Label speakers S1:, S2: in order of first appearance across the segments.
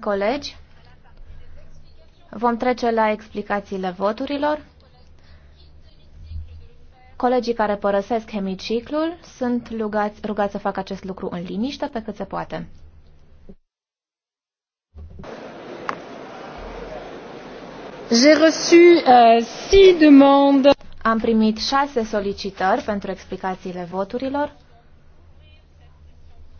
S1: Colegi, vom trece la explicațiile voturilor. Colegii care părăsesc hemiciclul sunt rugați, rugați să facă acest lucru în liniște pe cât se poate. reçu uh, Am primit șase solicitări pentru explicațiile voturilor.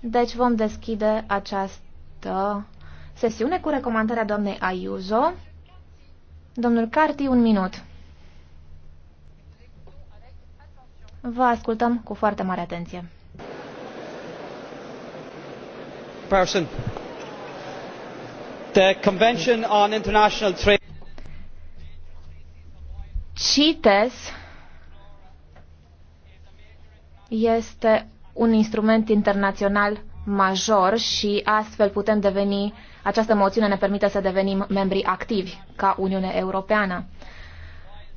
S1: Deci vom deschide această sesiune cu recomandarea doamnei Ayuso. Domnul Carti, un minut. Vă ascultăm cu foarte mare atenție.
S2: Person. The Convention on International Trade
S1: CITES este un instrument internațional major și astfel putem deveni această moțiune ne permite să devenim membri activi ca Uniune Europeană.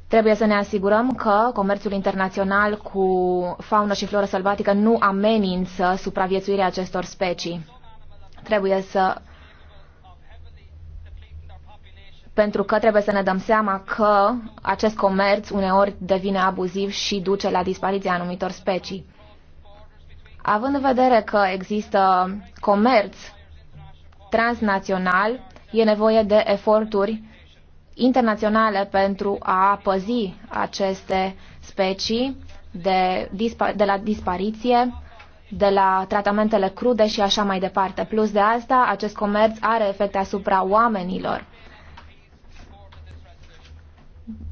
S1: Trebuie să ne asigurăm că comerțul internațional cu faună și floră sălbatică nu amenință supraviețuirea acestor specii. Trebuie să pentru că trebuie să ne dăm seama că acest comerț uneori devine abuziv și duce la dispariția anumitor specii. Având în vedere că există comerț transnațional, e nevoie de eforturi internaționale pentru a păzi aceste specii de, de la dispariție, de la tratamentele crude și așa mai departe. Plus de asta, acest comerț are efecte asupra oamenilor.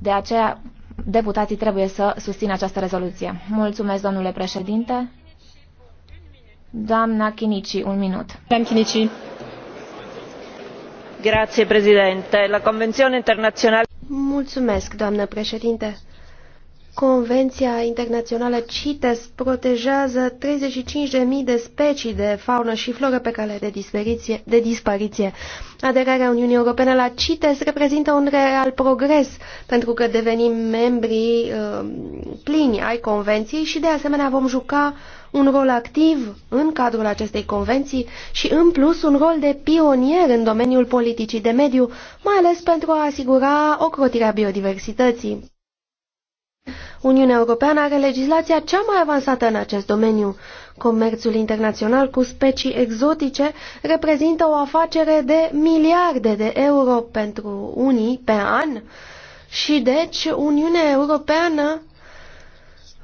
S1: De aceea, deputații trebuie să susțină această rezoluție. Mulțumesc, domnule președinte. Doamna Chinici, un minut. Doamna Chinici
S3: doamnă președinte. Convenția Internațională. Mulțumesc, protejează președinte. Convenția internațională CITES protejează 35.000 de specii de faună și floră pe cale de dispariție. De dispariție. Aderarea Uniunii Europene la CITES reprezintă un real progres, pentru că devenim membri uh, plini ai convenției și de asemenea vom juca un rol activ în cadrul acestei convenții și, în plus, un rol de pionier în domeniul politicii de mediu, mai ales pentru a asigura ocrotirea biodiversității. Uniunea Europeană are legislația cea mai avansată în acest domeniu. Comerțul internațional cu specii exotice reprezintă o afacere de miliarde de euro pentru unii pe an și deci Uniunea Europeană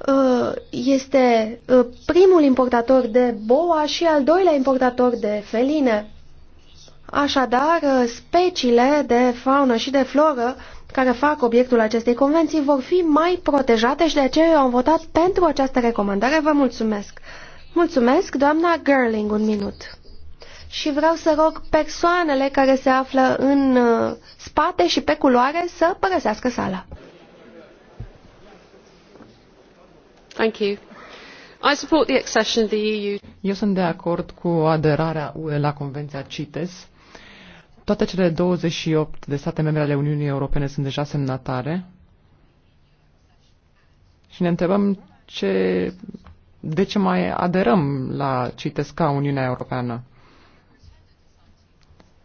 S3: Uh, este uh, primul importator de boa și al doilea importator de feline. Așadar, uh, speciile de faună și de floră care fac obiectul acestei convenții vor fi mai protejate și de aceea eu am votat pentru această recomandare. Vă mulțumesc! Mulțumesc, doamna Gerling, un minut. Și vreau să rog persoanele care se află în spate și pe culoare să părăsească sala.
S2: Eu sunt de acord cu aderarea UE la Convenția CITES. Toate cele 28 de state membre ale Uniunii Europene sunt deja semnatare. Și ne întrebăm ce, de ce mai aderăm la CITES ca Uniunea Europeană.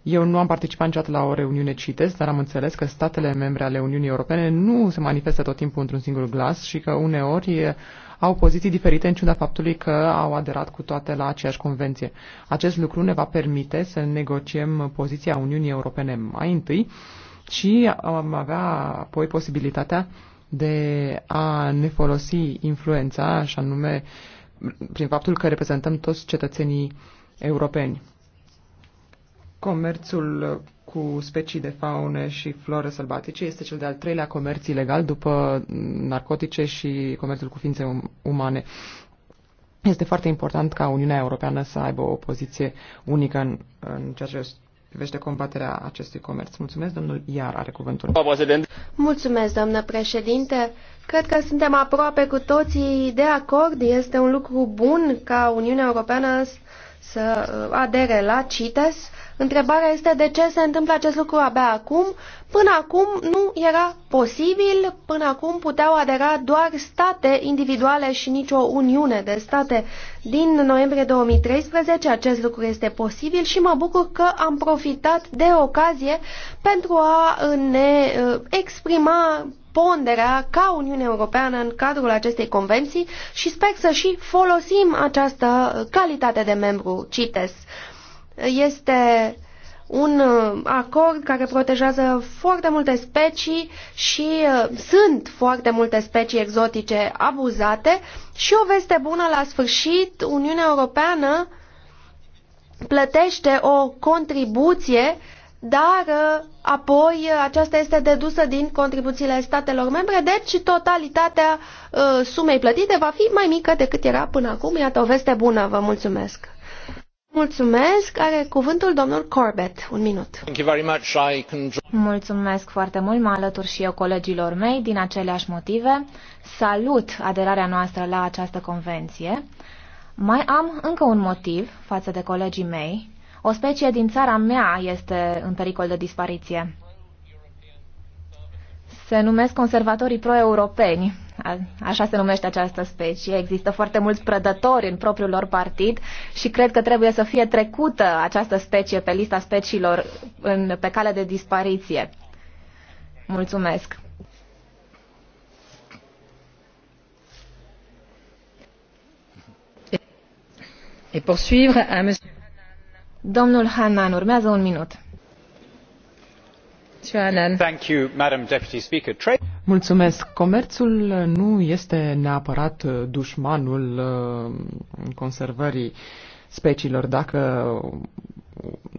S2: Eu nu am participat niciodată la o reuniune CITES, dar am înțeles că statele membre ale Uniunii Europene nu se manifestă tot timpul într-un singur glas și că uneori au poziții diferite în ciuda faptului că au aderat cu toate la aceeași convenție. Acest lucru ne va permite să negociem poziția Uniunii Europene mai întâi și am avea apoi posibilitatea de a ne folosi influența, așa nume, prin faptul că reprezentăm toți cetățenii europeni. Comerțul cu specii de faune și flore sălbatice este cel de-al treilea comerț ilegal după narcotice și comerțul cu ființe um- umane. Este foarte important ca Uniunea Europeană să aibă o poziție unică în, în ceea ce privește combaterea acestui comerț. Mulțumesc, domnul Iar are cuvântul.
S3: Mulțumesc, doamnă președinte. Cred că suntem aproape cu toții de acord. Este un lucru bun ca Uniunea Europeană să să uh, adere la CITES. Întrebarea este de ce se întâmplă acest lucru abia acum. Până acum nu era posibil, până acum puteau adera doar state individuale și nicio uniune de state. Din noiembrie 2013 acest lucru este posibil și mă bucur că am profitat de ocazie pentru a ne uh, exprima ponderea ca Uniune Europeană în cadrul acestei convenții și sper să și folosim această calitate de membru CITES. Este un uh, acord care protejează foarte multe specii și uh, sunt foarte multe specii exotice abuzate și o veste bună la sfârșit, Uniunea Europeană plătește o contribuție dar uh, apoi uh, aceasta este dedusă din contribuțiile statelor membre, deci totalitatea uh, sumei plătite va fi mai mică decât era până acum. Iată o veste
S1: bună, vă mulțumesc. Mulțumesc, are cuvântul domnul Corbett. Un minut. Mulțumesc foarte mult, mă alătur și eu colegilor mei din aceleași motive. Salut aderarea noastră la această convenție. Mai am încă un motiv față de colegii mei o specie din țara mea este în pericol de dispariție. Se numesc conservatorii pro-europeni. Așa se numește această specie. Există foarte mulți prădători în propriul lor partid și cred că trebuie să fie trecută această specie pe lista speciilor în, pe cale de dispariție. Mulțumesc. Et poursuivre à monsieur Domnul Hanan, urmează un minut.
S2: Mulțumesc. Comerțul nu este neapărat uh, dușmanul uh, conservării speciilor. Dacă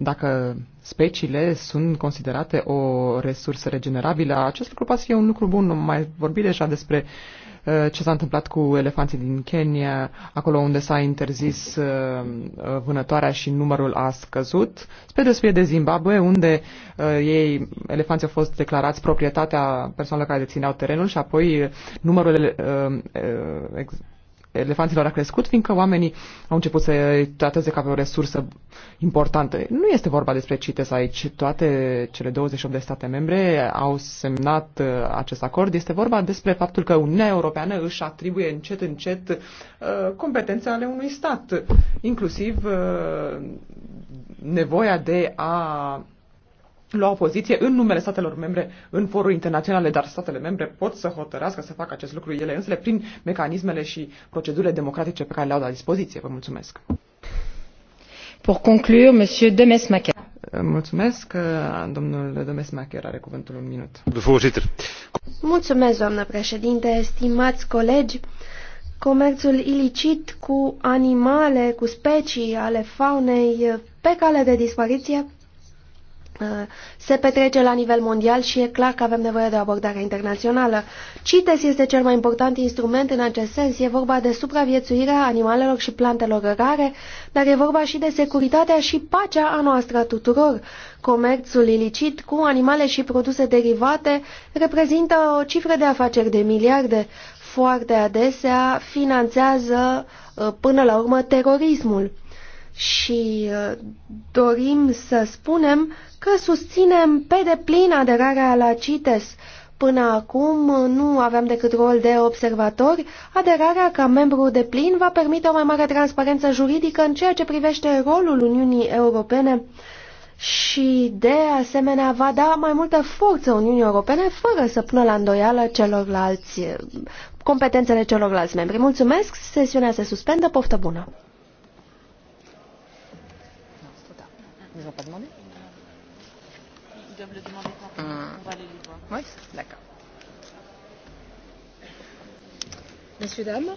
S2: dacă speciile sunt considerate o resursă regenerabilă, acest lucru poate fi un lucru bun. Am mai vorbit deja despre uh, ce s-a întâmplat cu elefanții din Kenya, acolo unde s-a interzis uh, uh, vânătoarea și numărul a scăzut, spre despre de Zimbabwe, unde ei, elefanții au fost declarați proprietatea persoanelor care dețineau terenul și apoi numărul elefanților a crescut, fiindcă oamenii au început să trateze ca pe o resursă importantă. Nu este vorba despre CITES aici. Toate cele 28 de state membre au semnat uh, acest acord. Este vorba despre faptul că Uniunea Europeană își atribuie încet, încet uh, competențe ale unui stat, inclusiv uh, nevoia de a lua o poziție în numele statelor membre în foruri internaționale, dar statele membre pot să hotărească să facă acest lucru ele însele prin mecanismele și procedurile democratice pe care le au la dispoziție. Vă mulțumesc. Pour conclure, monsieur -Macher. Mulțumesc. Domnul Macher are cuvântul un minut.
S3: Mulțumesc, doamnă președinte, stimați colegi. Comerțul ilicit cu animale, cu specii ale faunei pe cale de dispariție Uh, se petrece la nivel mondial și e clar că avem nevoie de o abordare internațională. CITES este cel mai important instrument în acest sens. E vorba de supraviețuirea animalelor și plantelor rare, dar e vorba și de securitatea și pacea a noastră tuturor. Comerțul ilicit cu animale și produse derivate reprezintă o cifră de afaceri de miliarde. Foarte adesea finanțează uh, până la urmă terorismul și uh, dorim să spunem că susținem pe deplin aderarea la CITES. Până acum uh, nu aveam decât rol de observatori. Aderarea ca membru de plin va permite o mai mare transparență juridică în ceea ce privește rolul Uniunii Europene și, de asemenea, va da mai multă forță Uniunii Europene fără să pună la îndoială celorlalți uh, competențele celorlalți membri. Mulțumesc, sesiunea se suspendă, poftă bună! n'ont pas demandé Ils doivent le demander quand hum. on hmm. va aller les voir. Oui, d'accord.
S1: Messieurs, dames.